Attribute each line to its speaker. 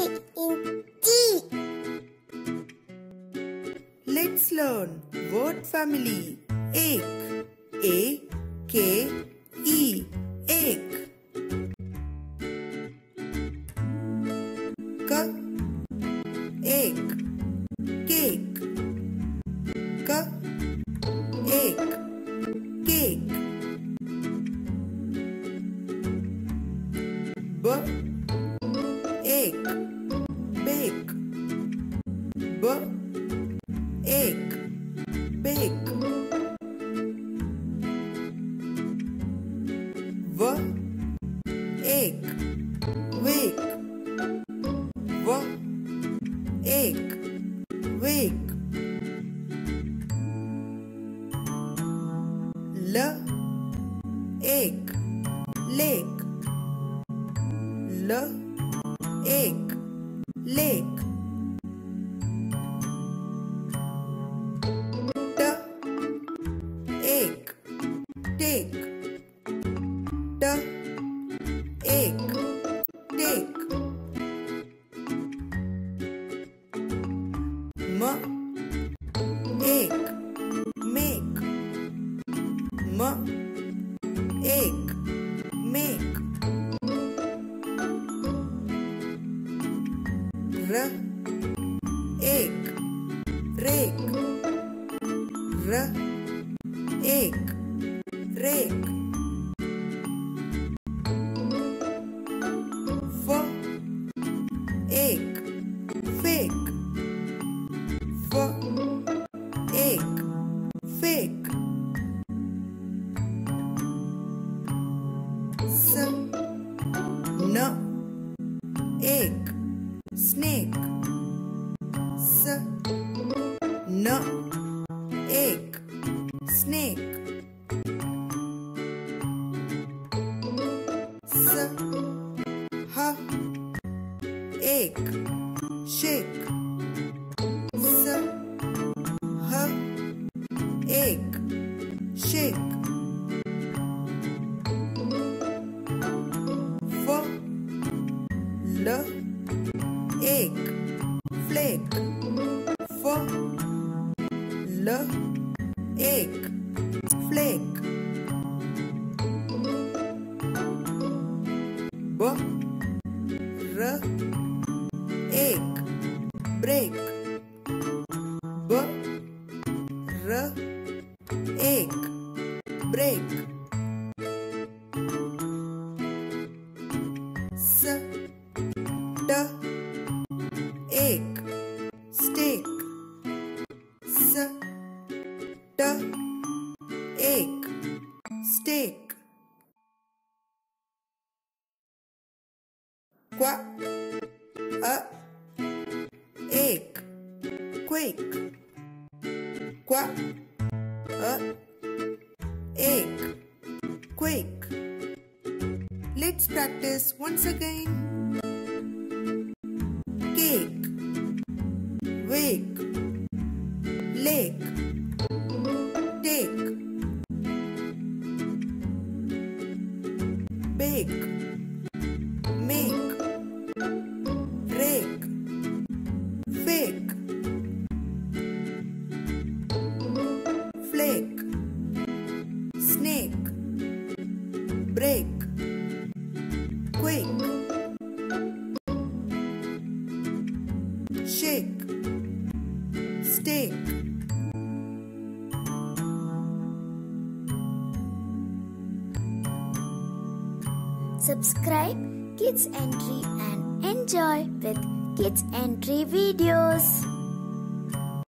Speaker 1: in Let's learn word family. Ek. A. K. E. K. व एक वेक व एक वेक ल ache lake l ache lake r egg rake r egg rake snake s n egg snake s h egg shake s h egg shake f l ache flake b r एक break ब र egg steak qua a egg quake qua a egg quake let's practice once again bake make break fake flake snake break quake shake stake Subscribe Kids Entry and enjoy with Kids Entry videos.